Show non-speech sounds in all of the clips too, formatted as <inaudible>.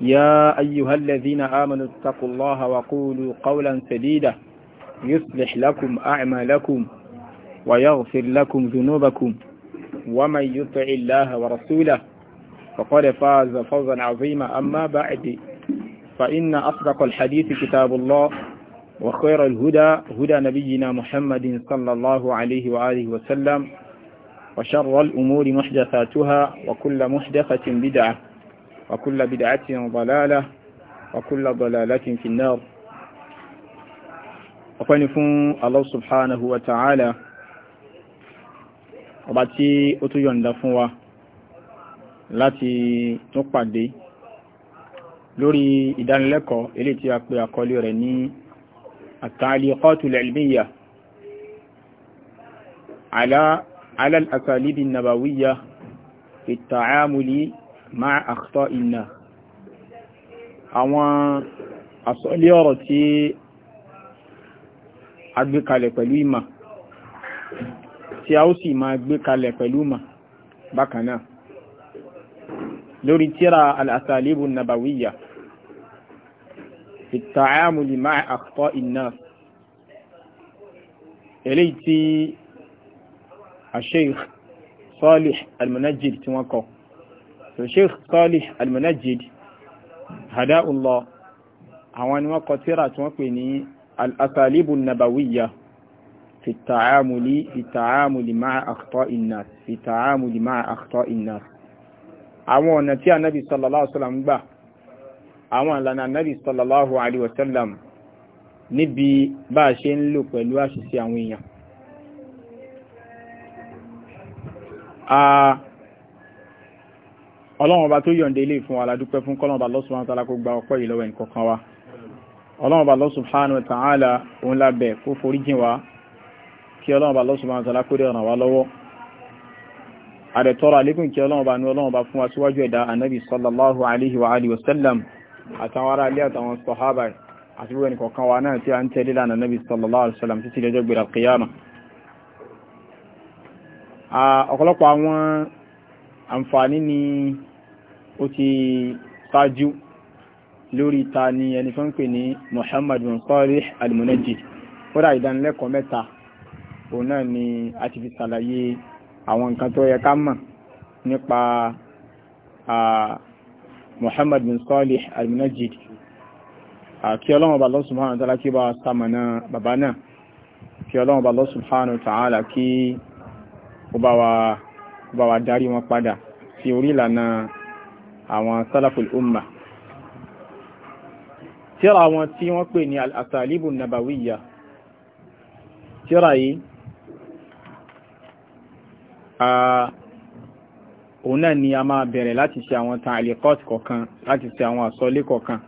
يا أيها الذين آمنوا اتقوا الله وقولوا قولا سديدا يصلح لكم أعمالكم ويغفر لكم ذنوبكم ومن يطع الله ورسوله فقد فاز فوزا عظيما أما بعد فإن أصدق الحديث كتاب الله وخير الهدى هدى نبينا محمد صلى الله عليه وآله وسلم وشر الأمور محدثاتها وكل محدثة بدعة وكل بدعة ضلالة وكل ضلالة في النار ọ̀pẹ́ni fún Allah subhanahu wa ta'ala ọba tí ó tó yọ̀nda fún wa láti tún pàdé lórí ìdánilẹ́kọ̀ọ́ ilé tí a pè àkọlé rẹ̀ ní at-ta'liqatul ilmiyya ala al-asalibi nabawiyya fi at-ta'amuli ma àkọ́ iná àwọn àsọ́lé ọ̀rọ̀ tí a gbé kalẹ̀ pẹ̀lú ìmà tí a ó sì máa gbé kalẹ̀ pẹ̀lú ìmà bákan náà lórí tíra al'asalibu nabawiyya ìtààmùlì máa àkọ́ iná eléyìí tí a sheikh Salih al-Munajjid tí wọ́n kọ́ so sheikh Salih al-Munajjid hadaullah àwọn ni wọ́n kọ tírà tí wọ́n pè ní al-asalibu nabawiyya fi ta'amuli fi ta'amuli ma'a akhta'in nas fi ta'amuli ma'a akhta'in nas àwọn ọ̀nà tí anabi sallallahu alaihi wasallam gbà àwọn ìlànà anabi sallallahu alaihi níbi bá a ṣe ń lò pẹ̀lú àṣìṣe àwọn èèyàn ah, ọlọ́run ọba tó yọ̀ǹde ilé fún wa aládúpẹ́ fún kọ́lọ́run ọba Allah subhanahu wa ta'ala kó gba ọpẹ́ yìí lọ́wọ́ ẹnìkọ̀ọ̀kan wa ọlọ́run ọba Allah subhanahu wa ta'ala òun lábẹ́ kó forí jìn wa kí ọlọ́run ọba Allah subhanahu wa ta'ala kó dé ràn wá lọ́wọ́ àdẹ̀tọ́rọ̀ àlékún kí ọlọ́run ọba ní ọlọ́run ọba fún wa síwájú ẹ̀dá anabi sallallahu alaihi àǹfààní ni ó ti ṣáájú lórí ta ni ẹni tó ń pè ní Muhammad bin Salih al-Munajjid kódà ìdánilẹ́kọ̀ọ́ mẹ́ta òun náà ni a ti fi ṣàlàyé àwọn nǹkan tó yẹ ká mọ̀ nípa Muhammad bin Salih al-Munajjid kí ọlọ́run bá lọ́sùn hàn tààlà kí bá sàmànà bàbá náà kí ọlọ́run bá lọ́sùn kí ó bá wa kó bá wa darí wọn padà sí orí ìlànà àwọn salaful umma tíra wọn tí wọ́n pè ní al-asalibu nabawiyya tíra yìí òun náà ni a máa bẹ̀rẹ̀ láti ṣe àwọn tan alikọ́t kọ̀kan láti ṣe àwọn àsọlé kọ̀kan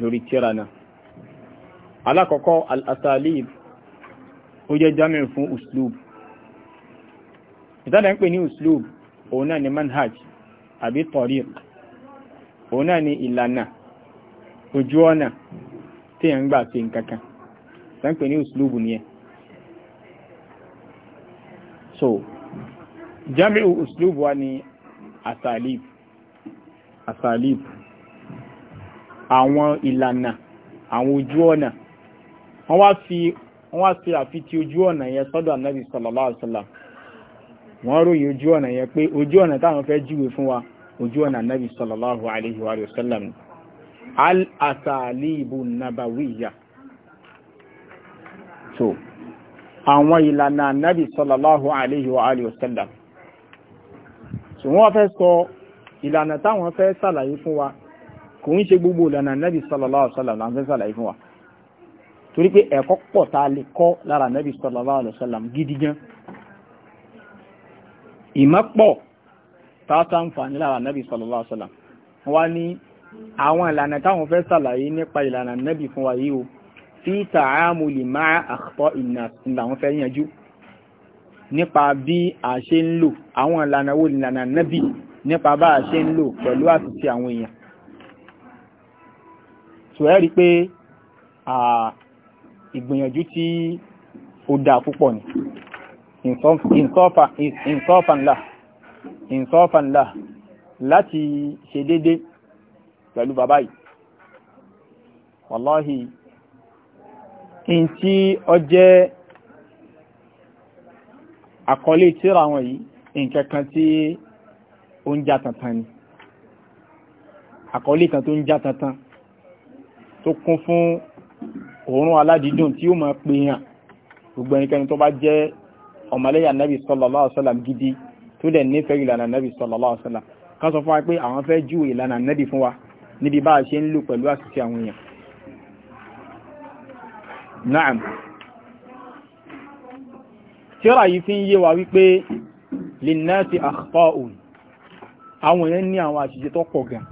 lórí tíra náà alákọ̀ọ́kọ́ al ó jẹ́ jami'in fún uslub ìtàdà ń pè ní uslub òun náà ni manhaj àbí tariq òun náà ni ìlànà ojú ọ̀nà tí ẹ̀ ń gbà ṣe nǹkankan ìtàdà ń pè ní uslub nìyẹn so jami'u uslub wa ni asalib asalib àwọn ìlànà àwọn ojú ọ̀nà wọ́n wá fi wọ́n wá fi àfi ti ojú ọ̀nà yẹn sọ́dọ̀ ànábì sallallahu alaihi wọ́n ròyìn ojú ọ̀nà yẹn pé ojú ọ̀nà táwọn fẹ́ júwe fún wa ojú ọ̀nà nabi sallallahu alaihi wa sallam al-asalibu nabawiyya so àwọn ìlànà nabi sallallahu alaihi wa sallam so wọ́n fẹ́ sọ ìlànà táwọn fẹ́ sàlàyé fún wa kò ń ṣe gbogbo ìlànà nabi sallallahu alaihi wa sallam láwọn fún wa torí pé ẹ̀kọ́ pọ̀ ta lè kọ́ lára nabi sallallahu alaihi wa sallam gidi ìmọ́pọ̀ tààtàǹfààní lára nẹ́bí sallallahu alaihi wasallam wá ní àwọn ìlànà táwọn fẹ́ sàlàyé nípa ìlànà nẹ́bí fún wa yíò tí tààmùlì máa àkọ́ ìlànà fẹ́ yanjú nípa bí a ṣe ń lò àwọn ìlànà wo ìlànà nẹ́bí nípa bá a ṣe ń lò pẹ̀lú àtúntí àwọn èèyàn so ẹ́ rí pé ìgbìyànjú tí ó dáa púpọ̀ ni ìǹsọ́fànlá ìǹsọ́fànlá láti ṣe dédé pẹ̀lú bàbá yìí wàláhì in tí ọ jẹ́ àkọlé tíra wọn yìí nǹkankan tí ó ń já tantan ni àkọlé kan tó ń já tantan tó kún fún òórùn aládìídùn tí ó máa pe yàn gbogbo ẹnikẹ́ni tó bá jẹ́ ọmọlẹ́yà nabi sallallahu alaihi wasallam gidi tó dẹ̀ nífẹ̀ẹ́ ìlànà nabi sallallahu alaihi wasallam kan sọ fún wa pé àwọn fẹ́ júwe ìlànà nabi fún wa níbi bá a ṣe ń lò pẹ̀lú àṣìṣe àwọn èèyàn naam tíra yìí fi ń yé wa wípé linnati akhta'un àwọn èèyàn ní àwọn àṣìṣe tó pọ̀ gan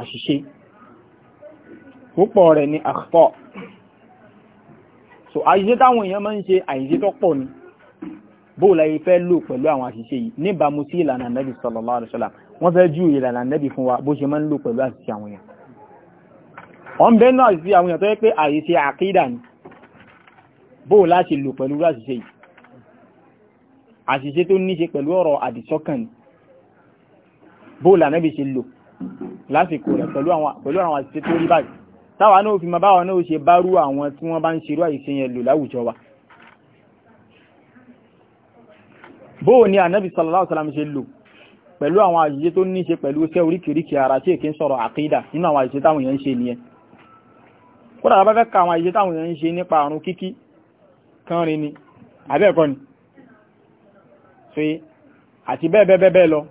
àṣìṣe púpọ̀ rẹ̀ ni àkọ́ so àṣìṣe táwọn èèyàn máa ń ṣe àṣìṣe tó pọ̀ ni bó láyé fẹ́ lò pẹ̀lú àwọn àṣìṣe yìí níbàámu sí ìlànà nẹ́bì sallallahu alaihi wasallam wọ́n fẹ́ ju ìlànà nẹ́bì fún wa bó ṣe máa ń lò pẹ̀lú àṣìṣe àwọn èèyàn wọ́n bẹ́ẹ̀ náà sí àwọn èèyàn tó àṣìṣe tó ní pẹ̀lú ọ̀rọ̀ àdìsọ́kàn ni bó bí ṣe lò lásìkò rẹ̀ pẹ̀lú àwọn àṣìṣe tó rí báyìí táwa náà fi ma báwa náà ṣe bárú àwọn tí wọ́n bá ń ṣerú àìṣe lò láwùjọ wa bóò ni ànábì sallallahu alaihi wasallam ṣe lò pẹ̀lú àwọn àṣìṣe tó ní ṣe pẹ̀lú iṣẹ́ oríkìríkì ara tí èké ń sọ̀rọ̀ àkídà nínú àwọn àṣìṣe táwọn èèyàn ń ṣe nìyẹn kódà bá fẹ́ ka àwọn àṣìṣe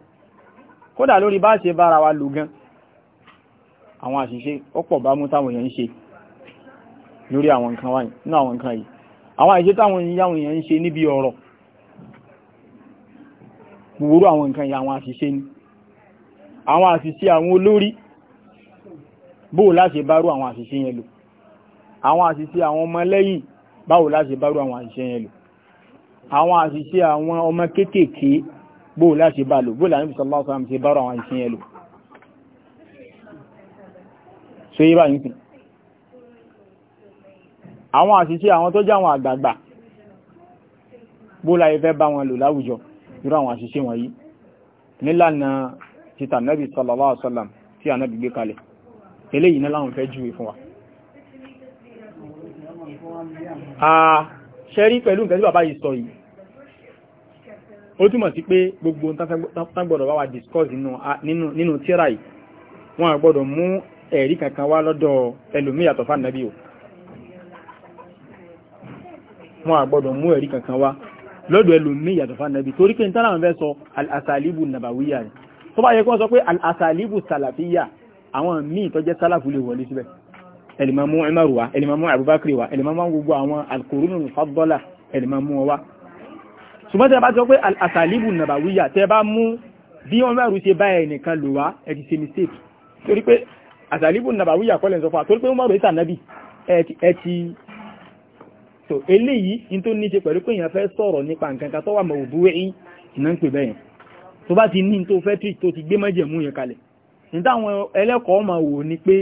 kódà lórí bá ṣe bára wa lò gan àwọn àṣìṣe ọ̀pọ̀ bá mú táwọn èèyàn ń ṣe lórí àwọn nǹkan wáyìí náà àwọn nǹkan yìí àwọn àṣìṣe táwọn èèyàn ń ṣe níbi ọ̀rọ̀ gbogbo àwọn nǹkan yìí àwọn àṣìṣe ni àwọn àṣìṣe àwọn olórí bóò láṣe bárú àwọn àṣìṣe yẹn lò àwọn àṣìṣe àwọn ọmọ lẹ́yìn báwo láṣe bárú àwọn àṣìṣe yẹn lò àwọn àṣìṣe àwọn ọmọ kéékèèké bó láti bá lò bó láti sọlá ọ̀sán ti bára àwọn ìsìn ẹlò so yí bá yìí sí àwọn àṣìṣe àwọn tó jáwọn àgbààgbà bó láti fẹ́ bá wọn lò láwùjọ irú àwọn àṣìṣe wọ̀nyí nílànà títà nẹ́bì sọlọ́lá ọ̀sọ́làm tí a nẹ́bì ó túmọ̀ sí pé gbogbo tágbọ̀dọ̀ wá wà discuss nínú tíra yìí wọ́n á gbọ́dọ̀ mú ẹ̀rí kankan wá lọ́dọ̀ ẹlòmíì yàtọ̀ fánàbí o wọ́n á gbọ́dọ̀ mú ẹ̀rí kankan wá lọ́dọ̀ ẹlòmíì yàtọ̀ fánàbí torí pé nítorí àwọn fẹ́ sọ al-asalibu nàbàwíyà ni tó bá yẹ kí wọ́n sọ pé al-asalibu wa ẹlìmọ̀mú Abubakar wa ẹlìmọ̀mú gbogbo àwọn al-qurunul wa ṣùgbọ́n tẹ́ bá sọ pé àtàlíbù nàbàwíyà tẹ́ bá mú bí wọ́n mẹ́rù ṣe bá ẹnìkan lò wá ẹ ti ṣe mistake torí pé àtàlíbù nàbàwíyà kọ́lẹ̀ sọ fún àtórí pé mọ́rù ìta nàbì ẹ so eléyìí in tó ní ṣe pẹ̀lú pé èèyàn fẹ́ sọ̀rọ̀ nípa nǹkan kan tó wà mọ̀ òbú wẹ́yìn iná ń pè bẹ́yẹn tó bá ti ní tó fẹ́ tí tó ti gbé májẹ̀mú yẹn kalẹ̀ nítawọn ni pé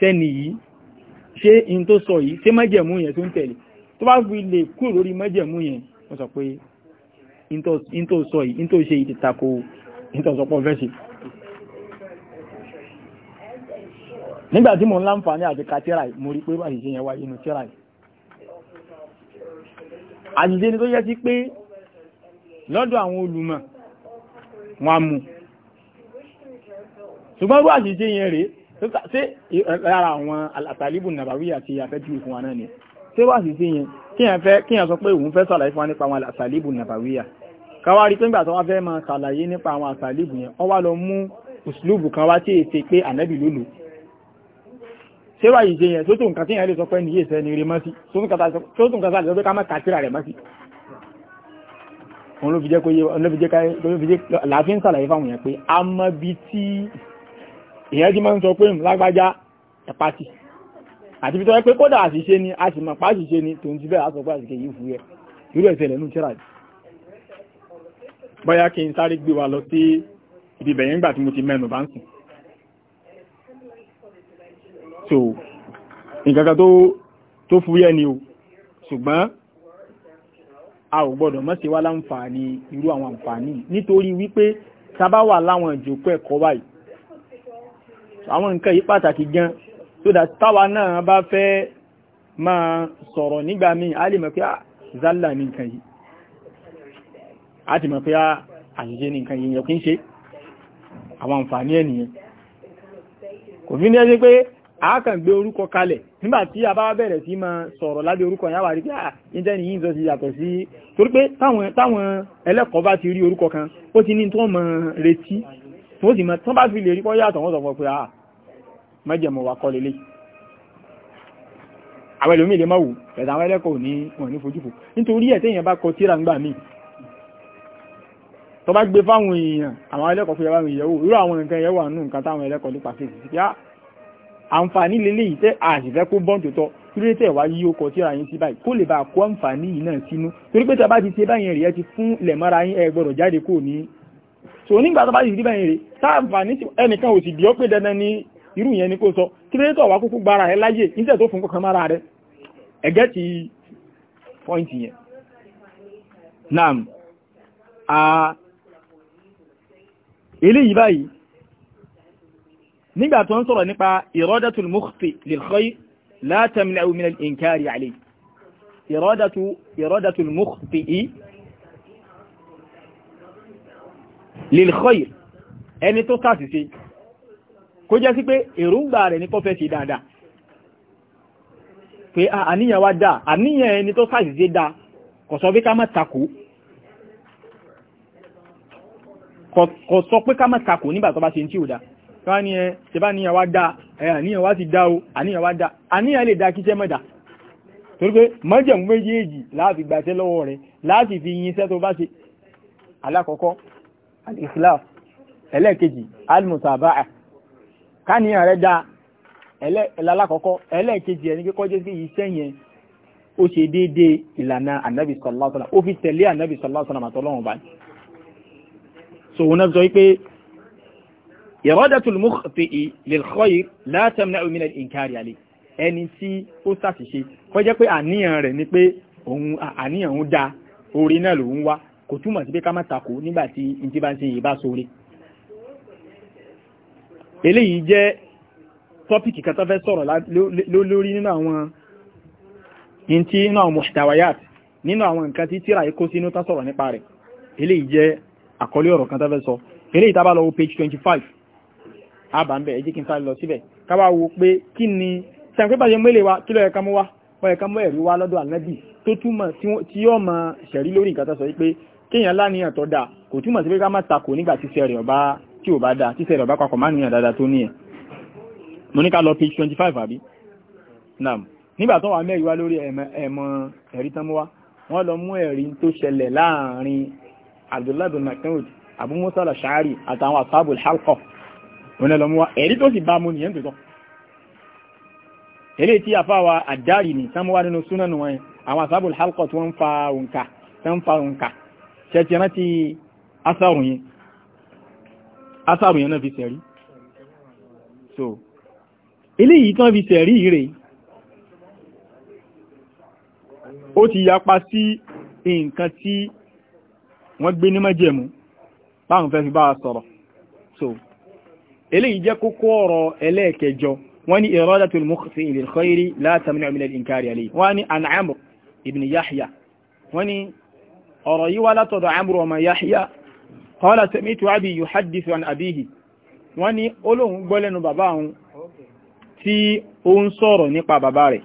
sẹ́ni yìí in tó sọ yìí ṣé májẹ̀mú yẹn tó ń tẹ̀lé tó bá fi lè kúrò lórí májẹ̀mú yẹn wọ́n sọ pé ìntò sọ yìí ìntò ṣe ìdí tako ìntò sọpọ̀ fẹ́sì nígbàtí mo ń láǹfààní àti katira mo rí pé àṣìṣe yẹn wáyé inú tíra yìí àṣìṣe ni tó yẹ sí pé lọ́dọ̀ àwọn olùmọ̀ wọn a mú ṣùgbọ́n bí àṣìṣe yẹn rèé ṣé lára àwọn àtàlíbù nàbàwí àti àfẹ́jú ìfún wa náà ni ṣé wàá sì sí yẹn kí sọ pé òun fẹ́ sàlàyé fún wa nípa àwọn àtàlíbù nàbàwí àti káwá rí pé ńgbà tó wá fẹ́ máa ṣàlàyé nípa àwọn àsàlíbù yẹn wọ́n wá lọ mú ùsùlùbù kan wá tí èsè pé ànábì lólu ṣéwà ìṣe yẹn tó tó nǹkan tí yẹn lè sọ pé nìyí ìṣẹ́ ni rí mọ́sí tó tó nǹkan sáré sọ pé ká má kàtírà rẹ̀ mọ́sí òun ló fi jẹ́ kó yé òun ló fi jẹ́ ká ló fi jẹ́ láàfin ń ṣàlàyé fáwọn yẹn pé a mọ bí tí èèyàn ti máa ń sọ pé lágbájá ẹ̀pátì àti fi tọ́ pé kódà àṣìṣe ni a sì mọ̀ pàṣìṣe ni tòun ti bẹ́ẹ̀ á pé àṣìṣe yìí fúyẹ́ irú ẹ̀sẹ̀ rẹ̀ nù bóyá kí n sáré gbé wa lọ sí ìdìbẹ̀ yẹn tí mo ti mẹ́nu bá ń sùn so nǹkankan tó tó fúyẹ́ ni o ṣùgbọ́n a ò gbọ́dọ̀ mọ́ sí wá láǹfààní irú àwọn àǹfààní nítorí wípé sábà wà láwọn ìjókòó ẹ̀kọ́ báyìí àwọn nǹkan yìí pàtàkì gan so that táwa náà bá fẹ́ máa sọ̀rọ̀ nígbà míì a lè mọ̀ pé ah, zálà ní nǹkan yìí a ti mọ̀ pé àṣìṣe ní nǹkan yìnyàn kí ń ṣe àwọn àǹfààní ẹnìyàn kò fi ní ẹni pé a kàn gbé orúkọ kalẹ̀ nígbà tí a bá bẹ̀rẹ̀ sí máa sọ̀rọ̀ lábẹ́ orúkọ yẹn wà rí pé ni yìí ń sọ sí yàtọ̀ sí torí pé táwọn ẹlẹ́kọ̀ọ́ bá ti rí orúkọ kan ó ti ní tó mọ̀ retí tó sì mọ̀ tó bá fi a ní fojúfò nítorí ẹ̀ bá kọ tíra ńgbà míì tó bá gbé fáwọn èèyàn àwọn ẹlẹ́kọ̀ọ́ fún yàrá ìyẹ̀wò irú àwọn nǹkan yẹ̀wò àánú nǹkan táwọn ẹlẹ́kọ̀ọ́ ló pàṣẹ sí pé àǹfààní lélẹ́yìí tẹ́ àṣìfẹ́ kó bọ́ǹ tó tọ́ torí tẹ̀ wá yíyó kọ síra yín sí báyìí kó lè bá a kó àǹfààní yìí náà sínú torí pé tẹ́ bá ti ṣe báyìí rèé ti fún lẹ̀mọ́ra yín ẹ gbọ́dọ̀ jáde kò ní. sò nígbà tó bá ti ṣe báyìí rèé tá ni kò sọ kí lóye tó wá kúkú gbára rẹ láyè níṣẹ́ tó fún kankan mára rẹ ẹ̀gẹ́ ti pọ́ìntì yẹn. naam ah, eléyìí báyìí nígbà tó ń sọ̀rọ̀ nípa iradatul mukhti lil khayr la tamna'u min al-inkari alayh iradatu iradatul mukhti lil khayr ẹni tó sàṣìṣe kó jẹ́ sí pé èròǹgbà rẹ̀ ní kó sí dáadáa pé ah, àníyàn wá dáa àníyàn ẹni tó sàṣìṣe dáa kò bí ká má takò kò sọ pé ká má takò nígbà tó bá ṣe ń tí ò dá ká ní ẹ ṣe bá níyàn wá dá ẹ àníyàn wá ti dá o àníyàn wá dá àníyàn lè dá kíṣẹ́ mọ̀dá torí pé mọ́jẹ̀mú méjèèjì láti gbàṣẹ́ lọ́wọ́ rẹ̀ láti fi yin iṣẹ́ tó bá ṣe alákọ̀ọ́kọ́ al-ikhlaf ẹlẹ́ẹ̀kejì al-mutaba'ah káníyàn rẹ̀ dá ẹlẹ́ẹ̀lálákọ̀ọ́kọ́ ẹlẹ́ẹ̀kejì ẹni pé kọ́jẹ́ sí iṣẹ́ yẹn ó ṣe déédéé ìlànà ànábì sallallahu so òun náà sọ wípé ìrọ́dàtul mukhti'i lil khayr la tamna'u min al-inkari alayh ẹni tí ó ṣàṣìṣe kọ́ jẹ́ pé àníyàn rẹ̀ ni pé òun àníyàn òun da orí náà lòun wá kò túmọ̀ sí pé ká má takò nígbà tí n ti bá ń ṣe yìí bá sóore eléyìí jẹ́ tọ́pìkì kan tó fẹ́ sọ̀rọ̀ lórí nínú àwọn in nínú àwọn muhtawayat nínú àwọn nǹkan tí tíra ikó sínú tó sọ̀rọ̀ nípa rẹ̀ eléyìí jẹ́ àkọlé ọ̀rọ̀ kan tẹ́fẹ́ sọ eléyìí tá lọ page twenty five àbá ń bẹ̀ ẹ jẹ́ kí n sáré lọ síbẹ̀ ká wá wo pé kí ni sẹ́yìn pépà ṣe wa kí ló yẹ ká mú wa wọ́n yẹ ká mú ẹ̀rí wa lọ́dọ̀ ànábì tó túmọ̀ tí yóò mọ ṣẹ̀rí lórí nǹkan tó sọ pé kéèyàn láníyàn tó dáa kò túmọ̀ sí lọ page twenty five àbí naam nígbà tó wà mẹ́rin wá lórí ẹ̀mọ ẹ̀rí tán wa wọ́n lọ mú ẹ̀rí tó ṣẹlẹ̀ láàrin abdullahi bin makenwood abu musa al-ashari àtàwọn asáàbù halkọ wọn lọ mú wa ẹ̀rí tó sì bá mú nìyẹn tó tọ́ tí àfa wa àdáàrí ni sáwọn wá nínú súnà nù wọn àwọn asáàbù fa òǹkà tí fa òǹkà ṣẹ̀tì rántí asárùn yẹn asárùn yẹn náà fi so eléyìí tán fi sẹ̀rí rèé ó ti nǹkan tí wọ́n gbé ní májẹ̀mú báwọn fẹ́ fi bá a sọ̀rọ̀ so eléyìí jẹ́ kókó ọ̀rọ̀ ẹlẹ́ẹ̀kẹjọ wọ́n ní iradatul mukhti lil khayri la tamna'u min al-inkari alayhi wọ́n ní an Amr ibn Yahya wọ́n ní ọ̀rọ̀ yìí wá látọ̀dọ̀ Amr ọmọ Yahya qala sami'tu abi yuhaddithu an abihi wọ́n ní olóhùn gbọ́ lẹ́nu bàbá òun tí ń sọ̀rọ̀ nípa bàbá rẹ̀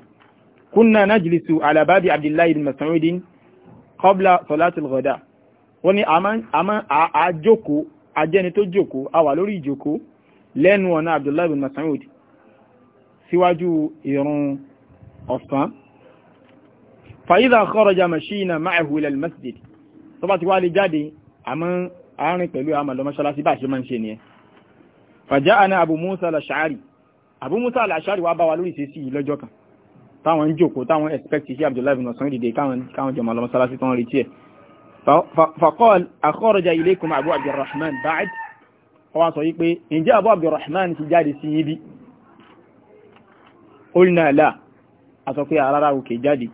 kunna najlisu ala babi Abdullahi ibn Mas'udin qabla salatil wọ́n ní àmọ́ àjókòó ajẹ́ni tó jókòó a wà lórí ìjókòó lẹ́nu ọ̀nà Abdullahi bin Mas'ud síwájú ìrun ọ̀sán fàyídà kharaja mashina ma'ahu ila al-masjid tó bá ti wá lè jáde àmọ́ àárín pẹ̀lú àmàlọ mọ́ṣálásí bá ṣe máa ń ṣe nìyẹn faja'ana Abu Musa al-Ash'ari Abu Musa al-Ash'ari wá bá wa lórí ìṣesí lọ́jọ́ kan táwọn ń jókòó táwọn expect sí Abdullahi bin Mas'ud dìde káwọn jọmọ̀ lọ́mọ́ṣálásí tó ń retí ẹ̀ فقال أخرج إليكم أبو عبد الرحمن بعد هو صحيح إن جاء أبو عبد الرحمن تجاري سيدي قلنا لا أتوقع أراره كجادي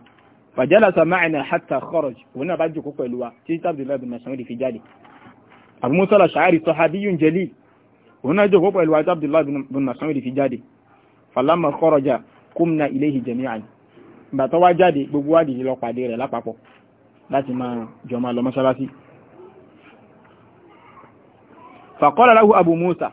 فجلس معنا حتى خرج هنا بعد كوكو الوا تيجي عبد الله بن مسعود في جادي أبو موسى الأشعري صحابي جليل هنا جو كوكو الوا عبد الله بن مسعود في جادي فلما خرج قمنا إليه جميعا باتوا جادي بقوا دي لو قادير لا بابو láti máa jọ máa lọ mọ́sálásí faqala lahu abu musa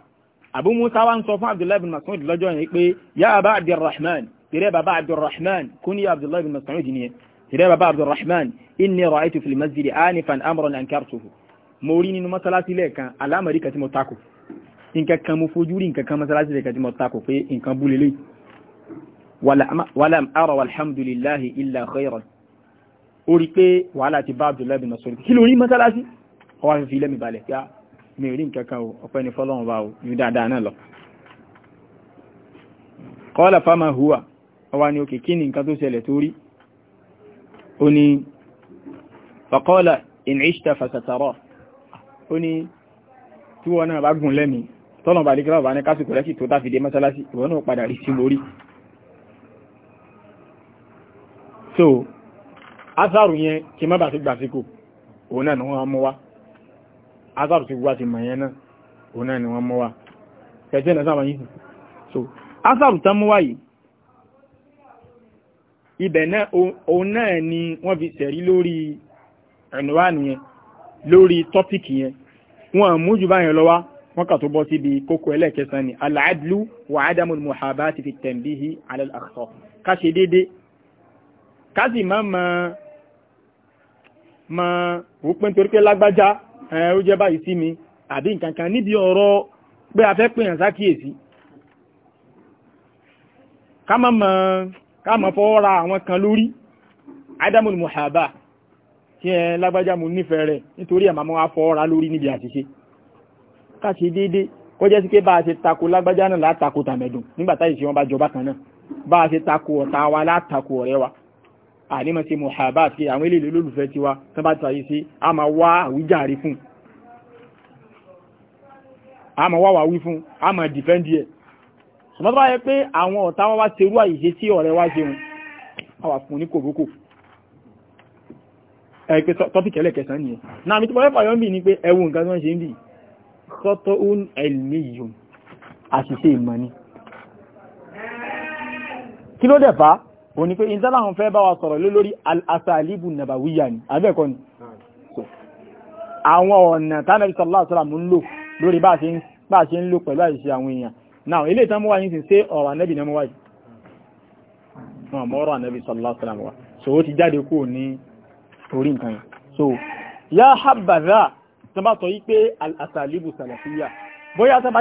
abu musa wá ń sọ fún abdullahi bin mas'ud lọ́jọ́ yẹn pé ya aba Abdurrahman, tìrẹ baba Abdurrahman, kún yá abdullahi bin mas'ud ni, tìrẹ baba abdulrahman inni ra'aytu fil masjid anifan amran ankartuhu mo rí nínú mọ́sálásí lẹ́ẹ̀kan alámọ̀rí kan tí mo takò nǹkan kan mo fojú rí nǹkan kan mọ́sálásí lẹ́ẹ̀kan tí mo takò pé nǹkan búlelé. lélẹ̀ wàlám ara walhamdulillahi illa khayran ó rí pé wàhálà ti bá Abdullahi bin Mas'ud kí ló rí mọ́sálásí ọwọ́ fífi lẹ́mi balẹ̀ yá ah, mi rí nǹkan kan o ọpẹ́ ni fọlọ́run bá o ní dáadáa náà lọ. qala fama huwa ọwọ́ ni òkè kí ni nǹkan tó ṣẹlẹ̀ tó rí ó ní faqala in ishta ó ní tí wọ́n náà bá gùn lẹ́mi tọ́nà bá díkẹ́ ọ̀bá ní kásìkò rẹ́kì tó tá fi dé mọ́sálásí ìwọ́n náà padà rí sí lórí. so azaru yẹn kí má bàá ti gbà síkò òun náà ni wọ́n mú wá azaru ti wá ti mọ̀ yẹn náà òun náà ni wọ́n mú wá kẹjẹ́ náà sáwọn yìí so azaru tán mú wá yìí ibẹ̀ náà òun náà ni wọ́n fi sẹ̀rí lórí ẹ̀nùwá nìyẹn lórí tọ́pìkì yẹn wọ́n mú jù báyẹn lọ́wọ́ wọ́n kà tó bọ́ síbi kókó ẹlẹ́ẹ̀kẹsàn ni al-adlu wa adamu al-muhabati fi tanbihi ala al-akhta ká ṣe déédéé ká sì má máa máa wò pé nítorí pé lágbájá ó jẹ́ báyìí sí mi àbí nǹkan kan níbi ọ̀rọ̀ pé a fẹ́ pè yàn sákìyèsí ká má mọ̀ ká má fọwọ́ ra àwọn kan lórí ádámù ni mo hà bá tí ẹ lágbájá mo nífẹ̀ẹ́ rẹ̀ nítorí ẹ̀ màmá wa fọwọ́ ra lórí níbi àṣìṣe ká ṣe déédéé kọjá sí pé bá a ṣe tako lágbájá náà látako tàmẹ̀dùn nígbà táyì ṣe wọn bá jọba kan náà bá a ṣe tako ọ̀tá wa látako ọ̀rẹ́ wa àníma ṣe mọ̀hábà àti àwọn ilé ìlú olólùfẹ́ tiwa tán bá tàyí sí a máa wá àwíjàre fún a máa wá wàwí fún a máa dìfẹ́ndì ẹ̀ ṣùgbọ́n tó bá yẹ pé àwọn ọ̀tá wá wá serú àyíṣe tí ọ̀rẹ́ wá ṣeun a wà fún ní kòbókò ẹ pé tọ́pìkì ẹlẹ́kẹsàn nìyẹn náà mi tí mo fẹ́ fàyọ́ ń bì ní pé ẹwu nǹkan tí wọ́n ṣe ń bì kọ́tọ́ òun ẹ̀lì yòó àṣìṣe ìmọ̀ ni kí ló dẹ̀ fà òní pé ìtàlá àwọn fẹ́ bá wa sọ̀rọ̀ lé lórí al-asalibu nàbàwíyà ni abẹ́ẹ̀kọ́ ni àwọn ọ̀nà tánàbí sallallahu alaihi wasallam ń lò lórí bá a ṣe ń lò pẹ̀lú àìṣe àwọn èèyàn náà ilé ìtàn sí ọ̀rọ̀ ànábì so ó ti jáde kúrò ní so ya habbaza tó bá sọ yí pé al-asalibu salafiyya bóyá tó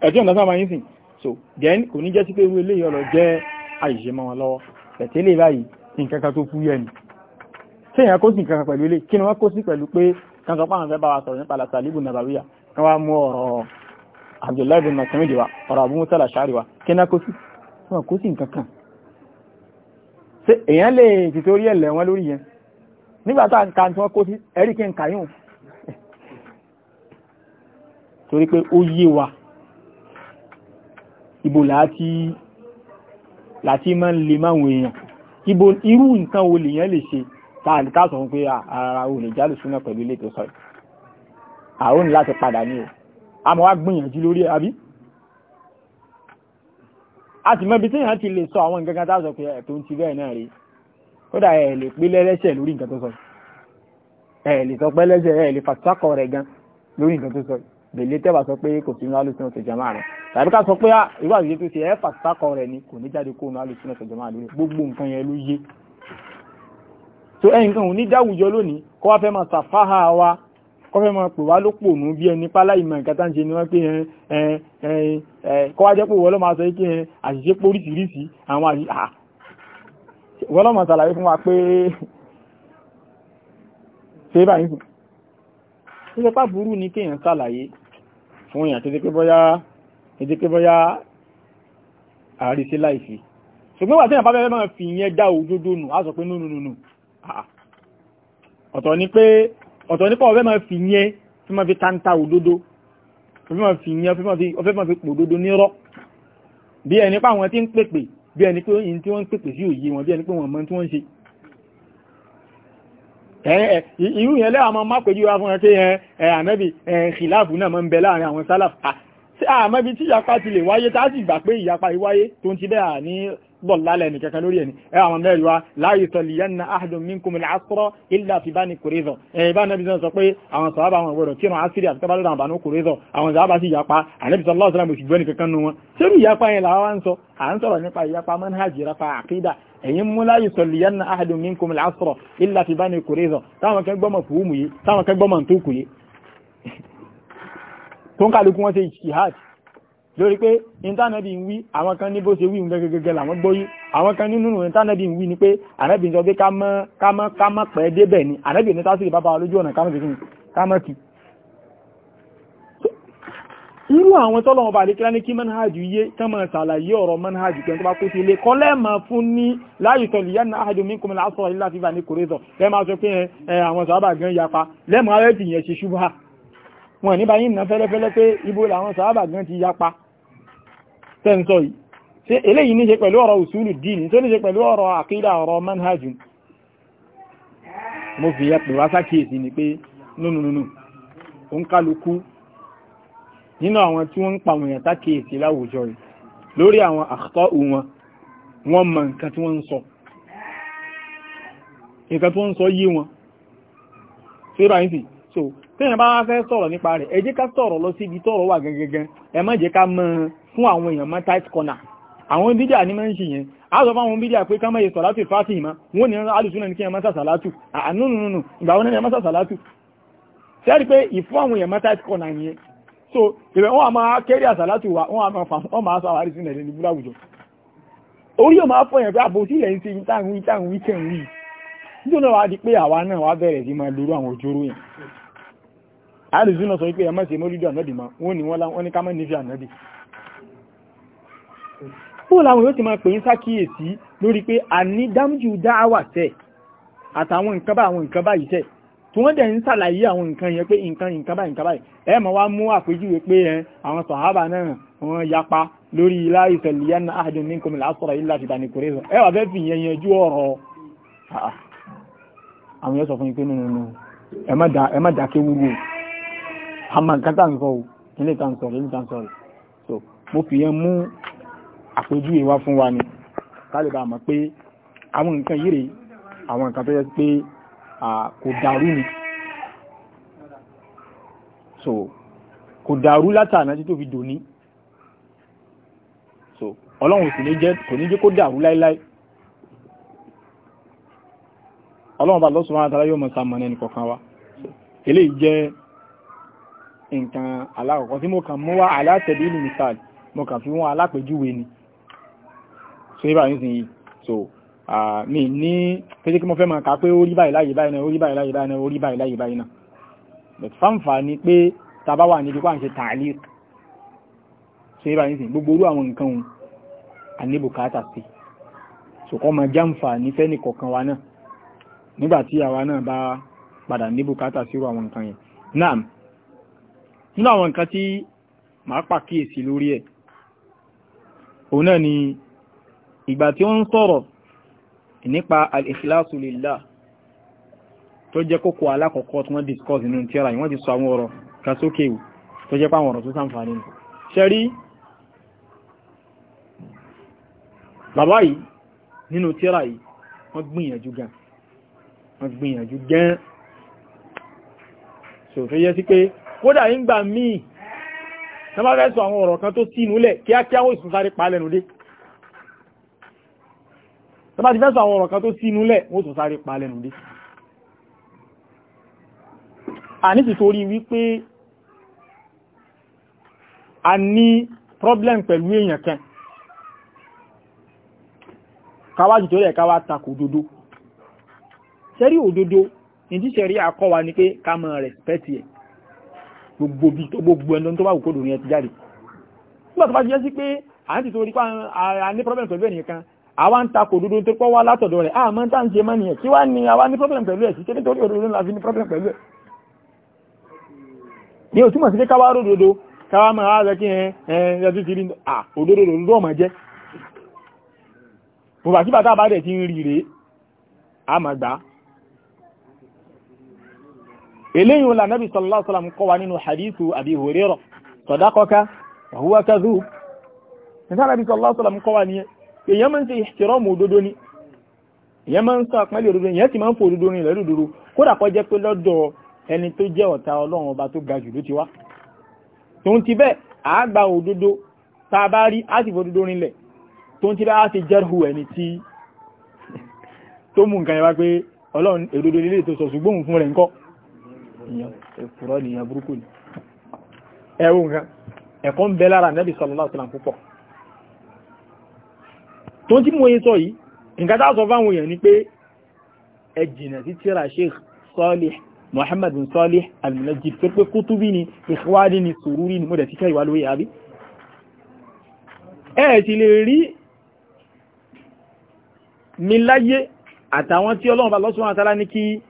ẹ̀jẹ̀ ọ̀nà sábà yín so then kò ní jẹ́ sí pé irú eléyìí ọ̀rọ̀ jẹ́ àìṣe mọ́ wọn lọ́wọ́ tẹ̀tẹ̀ lè báyìí nǹkan kan tó fú yẹ ni sẹ́yìn kó sì nǹkan kan pẹ̀lú ilé kí ni wọ́n kó sí pẹ̀lú pé kankan pàwọn fẹ́ bá wa sọ̀rọ̀ nípa làtàlíbù nàbàwíyà kan wá mú ni wọ́n kó sí wọn kó sí nǹkan kan <laughs> torí pé ó yé wa ibo láti láti máa ń le máwọn èèyàn ibo irú nǹkan wo lèèyàn lè ṣe ká sọ fún pé ara ò lè jálù súnà pẹ̀lú ilé tó sọ̀rọ̀ àwọn ní láti padà ní o a mọ̀ wá gbìyànjú lórí àbí a sì mọ̀ ibi tí èèyàn ti lè sọ àwọn nǹkan kan tá a sọ pé ẹ̀ ti bẹ́ẹ̀ náà rí kódà ẹ̀ lè pé lẹ́lẹ́sẹ̀ lórí nǹkan tó sọ ẹ̀ lè sọ pé lẹ́sẹ̀ ẹ̀ lè fàtúwákọ̀ rẹ̀ gan lórí nǹkan tó sọ gbèlè tẹ́wà sọ pé kò sí inú alùsùn ọ̀sẹ̀ jama rẹ̀ tàbí ká sọ pé ah, irú àṣìṣe tó ṣe ẹ́fà sákọ rẹ̀ ni kò ní jáde kó inú alùsùn ọ̀sẹ̀ jama rẹ̀ gbogbo nǹkan yẹn ló yé so ẹ̀yìn kan ò ní dáwùjọ lónìí kó wá fẹ́ máa sàfáhà wa kó fẹ́ máa pè wá ló pò nú bí ẹni pálá ìmọ̀ nǹkan tá ń ṣe ni wọ́n pé kó wá jẹ́ pé wọ́n lọ́ máa sọ pé àṣìṣe pé oríṣiríṣi àwọn àṣìṣe wọ́n lọ́ máa ṣàlàyé fún wa pé ṣé báyìí tó sọ pàbúrú ní kéèyàn sàlàyé fún èèyàn tó jẹ́ pé bọ́yá àrísí láìsí ṣùgbọ́n wà tí èèyàn bá bẹ́ẹ̀ máa fi ìyẹn dá òjòjò nù á sọ pé nùnùnùnù ah, ọ̀tọ̀ ni pé ọ̀tọ̀ nípa ọ̀fẹ́ máa fi yẹn fi máa fi tanta òdodo ọ̀fẹ́ máa fi yẹn ọ̀fẹ́ máa fi pò òdodo nírọ́ bí ẹni pé àwọn tí ń pèpè bí ẹni pé òyìn tí wọ́n ń pèpè sí òye wọn bí ẹni pé wọ́n mọ̀ tí irú yẹn lẹ́wà máa máa pèjú wa fún ẹ pé ẹ ànábì ṣìláàfù náà máa ń bẹ láàrin àwọn sálàf tí àmọ́bi tí ìyapa ti lè wáyé tá sì gbà pé ìyapa ìwáyé tó ń ti bẹ́ẹ̀ ní bọ̀lálẹ̀ ní kankan lórí ẹni ẹ àwọn mẹ́rin wa láàyè sọlì yẹn na ahadùn minkum al-asra illa fi bani Qurayza ẹ ìbá nàbí sọ pé àwọn sọ̀rọ̀ àwọn ìwọ̀rọ̀ tí wọn asiri àti kábàlódà àbànú Qurayza àwọn sọ̀rọ̀ sọ ẹ̀yin mú láyé sọ̀lìyàn náà ahadun minkum al-asra illa fi bani Qurayza táwọn kan gbọ́mọ̀ fòwúmù yìí táwọn kan gbọ́mọ̀ tó kù yìí tó ń kàlùkù wọn ṣe jihad lórí pé intanẹ́bì ń wí àwọn kan ní bó ṣe wí gẹ́gẹ́gẹ́ làwọn gbóyí àwọn kan nínú intanẹ́bì ń wí ni pé àrẹ́bì ń sọ pé pẹ́ débẹ̀ ni àrẹ́bì ní tásìrì bàbá lójú ọ̀nà ká mọ́ irú àwọn tọ́lọ̀wọ̀n bá lékílá ní kí manhajù yé tán máa sàlàyé ọ̀rọ̀ manhajù pẹ̀lú bá kó sí ilé kọ́ lẹ́ẹ̀mà fún ní láyùtọ̀ lè yánà àjò mí kùnmọ̀ lásọ̀rọ̀ ilá fífà ní yapa lẹ́ẹ̀mà rẹ̀ ti yẹn ṣe ṣubha wọn ní báyìí nà fẹ́lẹ́fẹ́lẹ́ pé ibo làwọn sàábà gan yapa tẹ́ǹsọ̀ yìí ṣe eléyìí ní ṣe pẹ̀lú ọ̀rọ̀ usulu dìní tó ní ṣe pẹ̀lú ọ̀rọ̀ àkídà ọ̀rọ̀ manhajù mo fi yẹ pè wá sákìyèsí ni pé nínú àwọn tí wọ́n ń pa àwọn èèyàn tákìyèsí láwùjọ rẹ̀ lórí àwọn àkọ́ wọn wọ́n mọ nǹkan tí wọ́n ń sọ nǹkan tí wọ́n ń sọ yé wọn tó yẹ báyìí sì so téèyàn bá wá fẹ́ sọ̀rọ̀ nípa rẹ̀ ẹ jẹ́ ká sọ̀rọ̀ lọ síbi tọ́rọ̀ wà gẹ́gẹ́gẹ́ ẹ má jẹ́ ká mọ fún àwọn èèyàn mọ́ tight corner àwọn bídíà ní máa ń ṣe yẹn a sọ fáwọn bídíà pé ká mẹ́yẹ sọ̀látù ìfásí ìmá wọ́n ni alùsùn náà ní kí ẹ mọ́sà sàlátù àánúnúnú ìgbà wọn ní ẹ mọ́sà sàlátù sẹ́rí pé ìfún àwọn èèyàn mọ́sà kọ̀nà yẹn so ìbẹ̀ wọ́n a máa kẹ́rí àsàlátù wa wọ́n máa sàwárí sí nàìjíríà níbú láwùjọ orí yóò máa fọyàn pé àbòsí ilẹ̀ ń ṣe yí táwọn yí táwọn yí kẹ̀hún yìí nítorí náà wá di pé àwa náà wá bẹ̀rẹ̀ sí máa lórú àwọn òjòrò yẹn àdìsí náà sọ pé ẹ má ṣe mọ́lídù ànádì mọ́ wọ́n ní wọ́n ní ká má nífẹ̀ẹ́ ànádì fún làwọn yóò ti máa pè ń sákíyèsí lórí pé àní dámjù dáwà tẹ̀ àtàwọn nǹkan bá àwọn nǹkan báyìí tẹ̀ tí wọ́n dẹ̀ ń sàlàyé àwọn nǹkan yẹn pé nǹkan nǹkan báyìí nǹkan báyìí ẹ mọ̀ wá mú àpèjúwe pé ẹ àwọn sàhábà náà wọ́n yapa lórí ilá ìṣẹ̀lẹ̀ náà àjọ ní kòmìnà àsọ̀rọ̀ ilá ti dàní kòrè sọ ẹ wà fẹ́ fi yẹn yanjú ọ̀rọ̀ àwọn yẹn sọ fún yín pé nínú nínú ẹ má dákẹ́ wúwo àmà nǹkan tá à ń sọ o ilé tá à ń sọ ilé tá à ń sọ rẹ̀ so mo fi yẹn mú àpèjúwe wá fún wa ni ká lè bá mọ̀ pé àwọn nǹkan yìí rèé àwọn nǹkan tó yẹ kò dàrú ni so kò dàrú látàná tí tó fi dòní so ọlọ́run sì ní jẹ́ kò ní jẹ́ kó dàrú láíláí ọlọ́run bá lọ́sùn máa tàbí yóò mọ̀ sàmọ̀ ẹni kọ̀ọ̀kan wa eléyìí jẹ́ nǹkan alákọ̀ọ́kọ́ tí mo kàn mú wá alátẹ̀bí ìlú misal mo kàn fi wọn alápèjúwe ni so ibà nísìnyí so mi ní kéjé kí mo fẹ́ máa kà pé ó rí báyìí láyé báyìí náà ó rí báyìí láyé báyìí náà ó rí báyìí láyé báyìí náà but fáǹfà ni pé tàbá wà níbi pàǹ ṣe tààlì ṣe báyìí sìn gbogbo orú àwọn nǹkan òun àníbùkátà sí ṣùkọ́ máa jáǹfà ní fẹ́nì kọ̀ọ̀kan wa náà nígbà tí àwa náà bá padà níbùkátà sí irú àwọn nǹkan yẹn náà nínú àwọn nǹkan tí màá pàkíyèsí lórí ẹ̀ òun náà ni ìgbà tí wọ́n ń sọ̀rọ̀ nípa al-ikhlasu lillah tó jẹ́ kókó alákọ̀ọ́kọ́ tí wọ́n discuss nínú tíra yìí wọ́n ti sọ àwọn ọ̀rọ̀ kasókèwù tó jẹ́ pàwọn ọ̀rọ̀ tó sàǹfààní nù ṣẹ́rí bàbá yìí nínú tíra yìí wọ́n gbìyànjú gan wọ́n gbìyànjú gan so tó yẹ sí pé kódà ń gbà míì tó bá fẹ́ sọ àwọn ọ̀rọ̀ kan tó sínú lẹ̀ kíákíá ó sì sáré tó bá ti fẹ́ sọ àwọn ọ̀rọ̀ kan tó sínú lẹ̀ wọ́n tó sáré pa lẹ́nu dé a ní tìtorí wípé a ní problem pẹ̀lú èèyàn kan káwájú tó rẹ̀ káwá takò òdodo sẹ́rí òdodo ìdí sẹ́rí àkọwà ní pé ká mọ̀ rẹ̀spẹ́tì ẹ̀ gbogbo ẹ̀ndọ́n tó bá wù kó dòrin ẹ̀ ti problem pẹ̀lú èèyàn kan àwa ń takò dúdú tó pọ́ wá látọ̀dọ̀ rẹ̀ àmọ́ tá ń ṣe mọ́ nìyẹn kí wá ní àwa ní problem pẹ̀lú ẹ̀ sí kí nítorí òdodo ńlá fi ní problem pẹ̀lú ẹ̀ ní ò túmọ̀ sí pé káwá ródodo káwá máa rẹ̀ kí ẹn ti rí à òdodo òdodo ọmọ jẹ́ bùbà kí bàtà bá dẹ̀ ti ń rí rèé a mà gbà eléyìí wọn lànà bí kọ́ wa nínú hadithu Abi Hurairah sadaqaka wa huwa kadhub nígbà nàbí sallallahu kọ́ wa nìyẹn èyàn máa ń ṣe ìṣẹ́rọ́mù òdodo ni èyàn máa ń sọ àpẹẹlẹ̀ òdodo èyàn ti máa ń fò òdodo rìn lẹ́rù òdodo kódà kọ́ jẹ́ pé lọ́dọ̀ ẹni tó jẹ́ ọ̀tá ọlọ́run ọba tó ga jù ló ti wá tòun ti bẹ́ẹ̀ àgbà òdodo tá a bá rí á sì fò òdodo rìn lẹ̀ tòun ti bẹ́ẹ̀ á ti jẹ́rù ẹni tí tó mú nǹkan yẹn wá pé ọlọ́run òdodo lélẹ̀ tó sọ ṣùgbọ́n fún rẹ̀ ńkọ́ ẹ̀kọ́ ń bẹ lára nẹ́bí sallallahu alaihi wasallam púpọ̀ tó tí mo yí sọ yìí nǹkan tá sọ fáwọn èèyàn ni pé ẹ jìnà sí tíra Sheikh Salih Muhammad bin Salih al pé pé Kutubi ni Ikhwani ni Sururi ni mo dẹ̀ ti kẹ́ ìwà lórí àbí ẹ ti lè rí mi láyé àtàwọn tí Ọlọ́run bá lọ́sùn àtàlá ní kí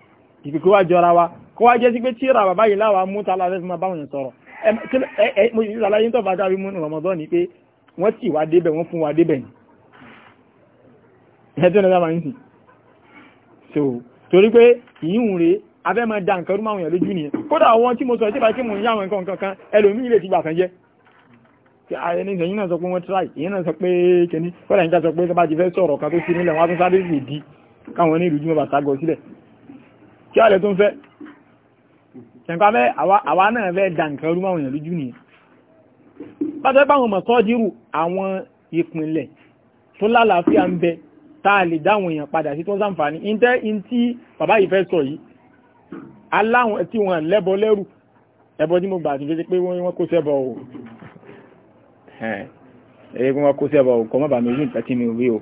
ìpìkú wá jọra wa kó wá jẹ́ sí pé tíra bàbá yìí láwà mú tààlà rẹ̀ fún báwọn sọ̀rọ̀ mo débẹ̀ wọ́n fún wa débẹ̀ ni ẹjọ́ náà dábàá nìsí so torí pé ìyíhùn rẹ̀ abẹ́ máa da nǹkan rúmọ̀ àwọn èèyàn lójú nìyẹn kódà àwọn tí mo sọ ìtẹ́bà kí mo ń yáwọn nǹkan kan ẹlòmíì lè ti gbà kan jẹ́ ẹni ìsẹ̀yìn náà sọ pé wọ́n tíráì ìyẹn náà sọ pé kẹni kódà di káwọn ní ìrújú mọ́bà ságọ sílẹ̀ kí wàá lẹ tó ń fẹ́ ṣẹ̀ǹkà fẹ́ àwa náà fẹ́ da nǹkan rúmọ̀ àwọn èèyàn lójú nìyẹn bá tẹ́ báwọn mọ̀ tó lálàáfíà ń bẹ táà lè dáwọn èèyàn padà sí tó ń sàǹfààní ìntẹ́ ìntí bàbá yìí fẹ́ sọ yìí aláwọn tí wọ́n lẹ́bọ lẹ́rù ẹbọ tí mo gbà ti fẹ́ pé wọ́n kó sẹ́bọ o ẹ̀yẹ́ kí wọ́n kó sẹ́bọ o kọ́ mọ́ bàmí ojú ìtẹ́ tí mi rí o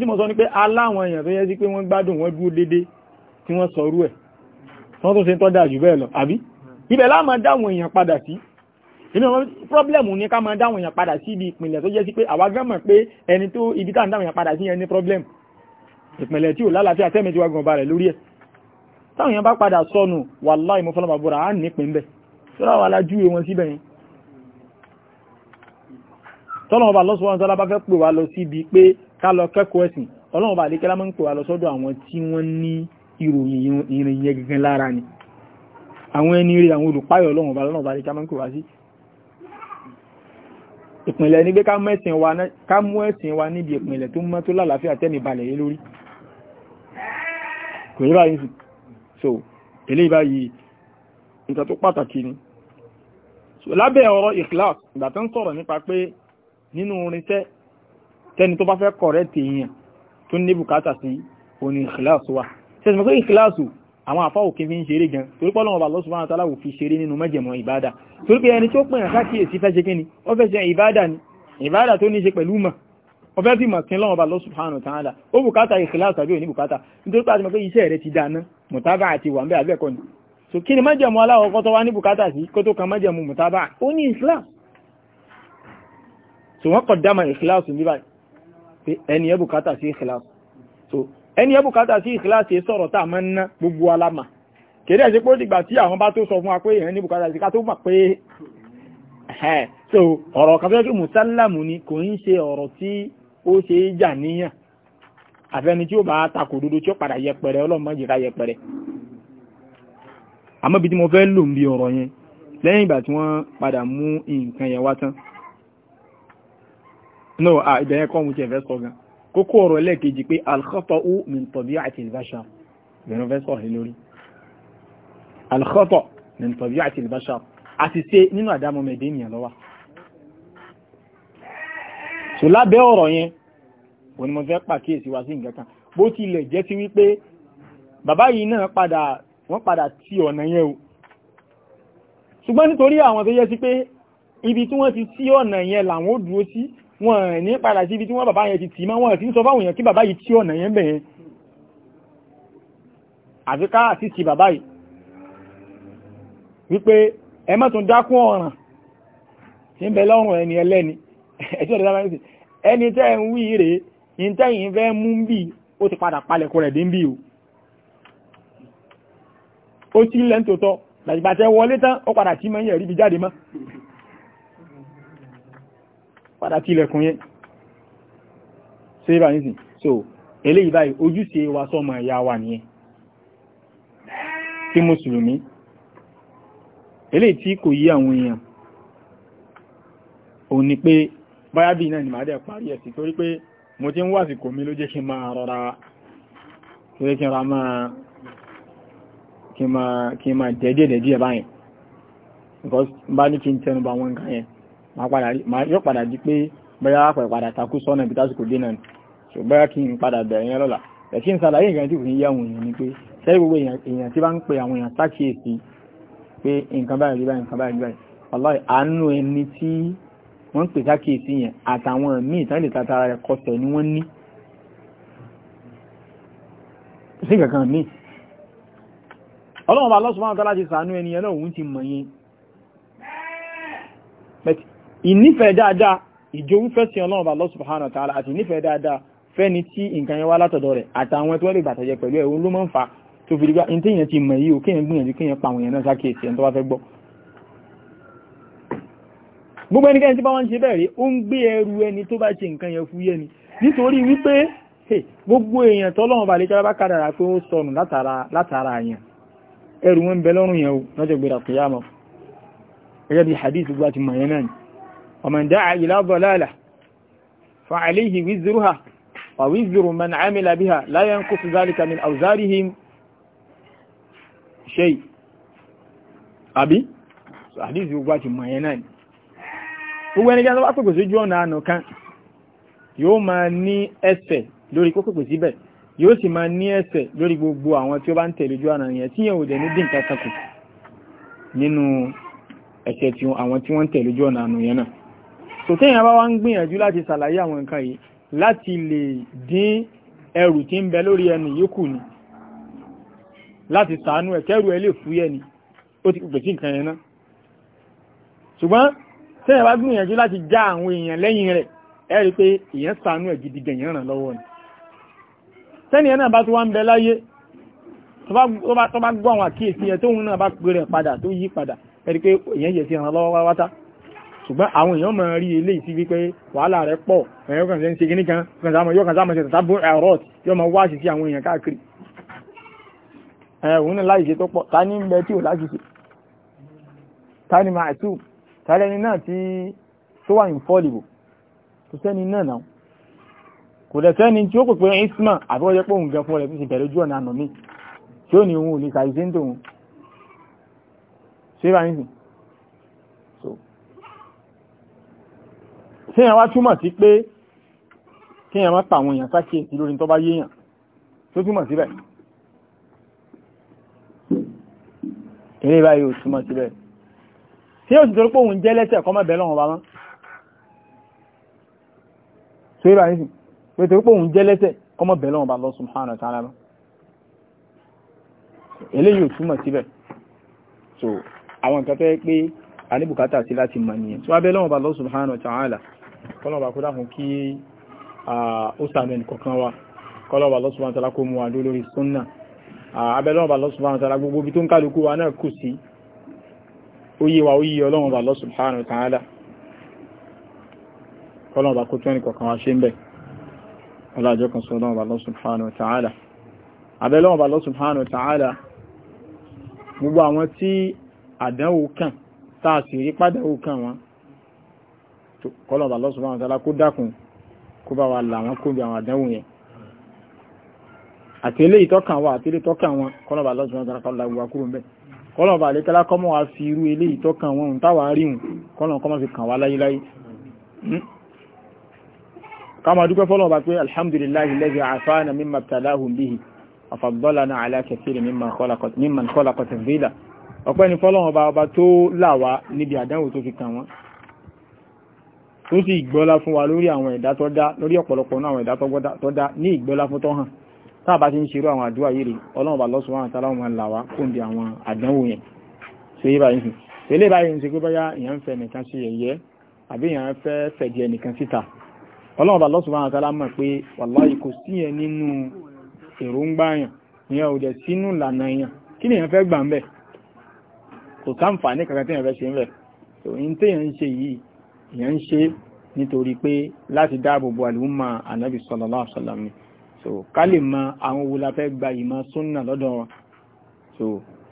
tí mo sọ ni pé aláwọn èèyàn tó yẹ sí pé wọ́n gbádùn wọ́n dúró dédé tí wọ́n sọ rú ẹ̀ wọ́n tó ṣe tọ́ dà jù bẹ́ẹ̀ lọ àbí ibẹ̀ láàmà dáwọn inú wọn problem ní ká máa dáwọn èèyàn padà sí ibi ìpìlẹ̀ tó jẹ́ sí pé àwa gan mọ̀ pé ẹni tó ibi tá à ń dáwọn èèyàn padà sí yẹn problem ìpìlẹ̀ tí ò lálàáfíà tẹ́mi ti wá gan ọba rẹ̀ lórí ẹ̀ táwọn èèyàn bá padà sọnù wàláì mo fọlọ́mà bọ́ra á nípìn bẹ́ẹ̀ sọ́dọ̀ wà lájú wọn síbẹ̀ yẹn tọ́lọ́mọ bá lọ́sọ̀ wọn sọ́lá bá fẹ́ pè wá lọ síbi pé ká lọ kẹ́kọ̀ọ́ ẹ̀sìn ọlọ́mọba àdékẹ́lá máa ń pè wá lọ sọ́dọ̀ àwọn tí wọ́n ní ìròyìn ìrìn yẹn gẹ́gẹ́ lára ni àwọn ẹni rí àwọn olùpáyọ̀ ọlọ́mọba lọ́nà bá àdékẹ́lá máa ń pè wá sí ìpìnlẹ̀ ní pé ká mú ẹ̀sìn wa níbi ìpìnlẹ̀ tó mọ́ tó lálàáfíà tẹ́mi balẹ̀ yé lórí kò yí báyìí sí so eléyìí báyìí nǹkan tó pàtàkì ni so lábẹ́ ọ̀rọ̀ ikhlas ìgbà tó ń sọ̀rọ̀ nípa pé nínú orinṣẹ́ tẹ́ni tó bá fẹ́ àwọn àfá òkè fi ń ṣeré gan torí pé Ọlọ́run Ọba Allah Subhanahu fi ṣeré nínú mẹ́jẹ̀mọ́ ìbádà torí ẹni tí ó pè yàn sákìyèsí fẹ́ ṣe kí ni ó fẹ́ ṣe ìbádà ni ìbádà tó ní ṣe pẹ̀lú mọ̀ ó fẹ́ fi mọ̀ sí Ọlọ́run Ọba Allah Subhanahu wa ta'ala ó bùkátà ìkìláàsì àbí òní bùkátà nítorí pé àti mọ̀ pé iṣẹ́ rẹ ti dáná mùtábà àti ni so kí ni mẹ́jẹ̀mọ́ aláwọ̀kọ́ tó wá ní so wọ́n kọ̀ dáma ìkìláàsì ní báyìí ẹni ẹ so ẹni ẹ bùkátà sí ìkíláàsì sọ̀rọ̀ tá a máa ń ná gbogbo alámà kèrè ẹ̀ṣẹ́ pé ó dìgbà tí àwọn bá tó sọ fún wa pé ní bùkátà sí ká tó mọ̀ pé ẹ̀ so ọ̀rọ̀ kan fẹ́ kí mùsálàmù ni kò ń ṣe ọ̀rọ̀ tí ó ṣe é jà níyàn àfẹ́ni tí ó bá takò dodo tí ó padà yẹpẹrẹ ọlọ́mọ jìká yẹpẹrẹ no ìbẹ̀yẹn kọ́ mo ti ẹ̀fẹ́ sọ kókó ọ̀rọ̀ lẹ́ẹ̀kejì pé al-khata'u min tabi'ati al-bashar bẹ̀rẹ̀ fẹ́ sọ̀rọ̀ lórí al-khata'u min tabi'ati al-bashar àṣìṣe nínú àdámọ́ mẹ́dé ènìyàn lọ́wọ́ so lábẹ́ ọ̀rọ̀ yẹn òun ni mo fẹ́ pàkíyèsí wá sí nǹkan kan bó tilẹ̀ jẹ́ sí wípé bàbá yìí náà padà wọ́n padà ti ọ̀nà yẹn o ṣùgbọ́n nítorí àwọn tó yẹ sí pé ibi tí wọ́n ti sí ọ̀nà yẹn làwọn ó dúró sí wọn ní padà sí ibi tí wọ́n bàbá yẹn ti tì máa wọ́n ti ń sọ fáwọn èèyàn kí bàbá yìí tí ọ̀nà yẹn bẹ̀yẹn àti ká àti ti bàbá yìí wípé ẹ má tún dákún ọ̀ràn tí ń bẹ lọ́rùn ẹni ẹlẹ́ni ẹ̀tí ọ̀dọ̀ dábàá sí ẹni tẹ́ ń wí rèé ní tẹ́yìn fẹ́ mú ń bì ó ti padà palẹ̀ kó rẹ̀ dé ń o ó ti lẹ́ńtòótọ́ làjìgbà tẹ́ wọlé tán ó padà tí ilẹ̀kùn yẹn ṣe bá ní sí so eléyìí báyìí ojúṣe wa sọ́mọ ìyá wa nìyẹn tí mùsùlùmí eléyìí tí kò yí àwọn èèyàn òun ni pé báyá bí náà ni màá dẹ̀ parí ẹ̀sì torí pé mo ti ń wà síkò mi ló jẹ́ kí máa rọra kí máa jẹ́jẹ́ dẹ̀ báyìí because bá ní kí n tẹnubà wọn nǹkan yẹn yóò padà di pé bẹ́yà pẹ̀ padà takú sọ́nà ibi tásìkò dínà ni so bẹ́yà kí n padà bẹ̀rẹ̀ yẹn lọ́la ẹ̀kí n sàlàyé nǹkan tí kò ní yẹ àwọn èèyàn ni pé sẹ́yìn gbogbo èèyàn tí bá ń pe àwọn èèyàn sákìyèsí pé nǹkan báyìí báyìí nǹkan báyìí báyìí ọlọ́ọ̀ àánú ẹni tí wọ́n ń pè sákìyèsí yẹn àtàwọn míì tán lè tatara rẹ̀ kọsẹ̀ ni wọ́n ní sí kankan míì ọlọ́run bá lọ́sùn máa ń tọ́lá ti sàánú ẹni yẹn náà òun ti mọ̀ yẹn ìnífẹ̀ẹ́ dáadáa ìjòwúfẹ́ sí ọlọ́run Allah subhanahu ta'ala àti ìnífẹ̀ẹ́ dáadáa fẹ́ni tí nǹkan yẹn wá látọ̀dọ̀ rẹ̀ àtàwọn ẹtọ́ lè bàtàjẹ pẹ̀lú ẹ̀hún ló máa ń fa tó fi rí gbá ní tí èèyàn ti mọ̀ yìí ò kéèyàn gbìyànjú kéèyàn pa àwọn èèyàn náà sákèèsì ẹni tó bá fẹ́ gbọ́ gbogbo ẹnikẹ́ni tí ẹrù ni nítorí wípé gbogbo èèyàn tọ́lọ́run bàlẹ́ jábá kádàrà pé ó sọnù látara wọn bẹ lọ́rùn yẹn o lọ́jọ́ gbéra kìyàmọ̀ gẹ́gẹ́ bí hadith gbá ti mọ̀ yẹn náà ومن دعا إلى ضلالة فعليه وزرها ووزر من عمل بها لا ينقص ذلك من أوزارهم شيء أبي. àdíjì gbogbo àti mọ̀ ẹ̀yẹn náà ni gbogbo ẹni jẹ́ pàpẹ̀ sí ojú ọ̀nà ànà kan yóò máa ní ẹsẹ̀ lórí kókòkò síbẹ̀ yóò sì máa ní ẹsẹ̀ lórí gbogbo àwọn tí ó bá ń tẹ̀lé ojú ọ̀nà yẹn tí yẹn ò dẹ̀ ní dín kankan nínú ẹsẹ̀ tí àwọn tí wọ́n tẹ̀lé ojú ọ̀nà ànà yẹn náà tòtẹ́yìn bá wá ń gbìyànjú láti ṣàlàyé àwọn nǹkan yìí láti lè dín ẹrù tí ń bẹ lórí ẹni yòókù ni láti ṣàánú ẹ̀ kẹ́rù ẹ lè fúyẹ́ ni ó ti pèsè nǹkan yẹn náà ṣùgbọ́n tẹ́yìn bá gbìyànjú láti já àwọn èèyàn lẹ́yìn rẹ̀ ẹ rí pé èèyàn ṣàánú ẹ̀ gidi gẹ̀yìn ràn lọ́wọ́ ni tẹ́ni ẹ̀ náà bá tó wá ń bẹ láyé tó bá gbọ́ àwọn àkíyèsí ẹ tóun náà bá pè rẹ̀ padà tó yí padà ẹ rí pé èèyàn yẹ sí ràn lọ́wọ́ wáwátá ṣùgbọ́n àwọn èèyàn máa rí eléyìí sí wípé wàhálà rẹ̀ pọ̀ ẹ̀yọ́ kan ṣe ń ṣe kíní kan yóò kan sáà mọ̀ ṣe tàbí bó ẹ̀rọ yóò máa wá àṣìṣe àwọn èèyàn káàkiri ẹ̀hún náà láìṣe tó pọ̀ ta ní ń bẹ tí ò láṣìṣe ta ni máa tù ta lẹni náà tí tó wà ní fọ́ọ̀lìbò kò sẹ́ni náà náà kò dẹ̀ sẹ́ni tí ó pè pé isma àbí wọ́n jẹ́ pé òun gan fún ọ̀rẹ́ tó ti bẹ̀rẹ̀ ojú ọ̀nà àná mi tí ó ní òun ò lè ṣàìṣe ń tòun ṣé tí yẹn wá túmọ̀ sí pé kí yẹn má pa àwọn èèyàn sáké lórí tó bá yéèyàn tó túmọ̀ síbẹ̀ eré báyìí ò túmọ̀ síbẹ̀ tí yóò sì torí pé òun jẹ́ lẹ́sẹ̀ kọ́ mọ̀bẹ̀ lọ́wọ́ bá mọ́ tó yíra nísìn pé torí pé òun jẹ́ lẹ́sẹ̀ kọ́ mọ̀bẹ̀ lọ́wọ́ bá lọ so àwọn nǹkan tó yẹ pé a ní bùkátà sí láti mọ̀ nìyẹn tó wá bẹ́ lọ́wọ́ bá lọ subhanahu wa ta'ala kọ́lọ̀bà kó dákun kí ó sàánú ẹnì kọ̀ọ̀kan wa kọ́lọ̀bà Allah subhanahu wa ta'ala kó mú wa lórí súnnà abẹ́lọ́wọ̀bà Allah subhanahu wa ta'ala gbogbo ibi tó ń kálukú wa náà kù sí ó yé wa ó yé ọlọ́wọ̀bà Allah subhanahu wa ta'ala kọ́lọ̀bà kó tún ẹnì kọ̀ọ̀kan wa ṣe ń bẹ̀ ọlájọ́ kan kọ́lọ̀bà lọ́sùnmọ́ àwọn tààlà kó dákun kó bá wa là wọn kó bí àwọn àdánwò yẹn àti eléyìí tọ́kàn wa àti eléyìí tọ́kàn wọn kọ́lọ̀bà lọ́sùnmọ́ àwọn tààlà kọ́lọ̀bà wà kúrò mbẹ́ kọ́lọ̀bà lè tẹ́lá kọ́mọ́ wa fi irú eléyìí tọ́kàn wọn ń táwa rí hùn kọ́lọ̀ kọ́mọ́ fi kàn wá láyé láyé hmm? kama dúpẹ́ fọ́lọ̀ bá pé alhamdulillahi lẹ́gbẹ̀ àfáàna mímọ̀ tàláhùn bihi afaddalana ala kathiri mímọ̀ kọ́lá kọ́tẹ̀ fílà ọpẹ́ ni fọ́lọ̀ ọba ọba tó láwá níbi àdánwò tó fi kàn wọ́n tó sì gbọ́lá fún wa lórí àwọn ẹ̀dá tó dá lórí ọ̀pọ̀lọpọ̀ náà àwọn ẹ̀dá tó dá ní ìgbọ́lá fún tó hàn táàbá ti ń ṣerú àwọn àdúrà yìí rí ọlọ́run bá lọ́sùn wọn àtàláwọn máa ń là wá kún bí àwọn àdánwò yẹn ṣe yé báyìí ṣe lè báyìí ń ṣe pé bóyá èèyàn ń fẹ́ nìkan sí ẹ̀yẹ àbí èèyàn fẹ́ fẹ̀dí ẹnìkan síta àtàlá mọ̀ ìyẹn ò dẹ̀ ń ṣe ń èèyàn ń ṣe nítorí pé láti dáàbò bo àlùmọ́ ànábì sallallahu alaihi wasallam ni so ká lè mọ àwọn wo la fẹ́ gba ìmọ̀ súnà lọ́dọ̀ wọn so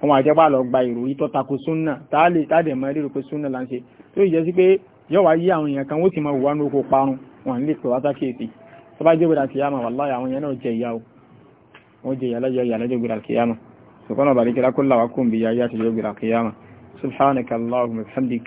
wọn àjẹpá lọ gba ìròyìn tó tako súnà táàlè táàdè mọ rírò pé súnà là ń ṣe tó ìjẹ́ sí pé yọ̀wá yí àwọn èèyàn kan ó ti mọ wà ní oko parun wọn lè pè wá sákèsì tó bá jẹ́ gbèrà kìyàmà wallahi àwọn èèyàn náà jẹ ìyá o wọ́n jẹ ìyá lọ́jọ́ ìyá lọ́jọ́ gbèrà kìyàmà سبحان الله بارك لك كل وكم بيايات يوم القيامة سبحانك اللهم وبحمدك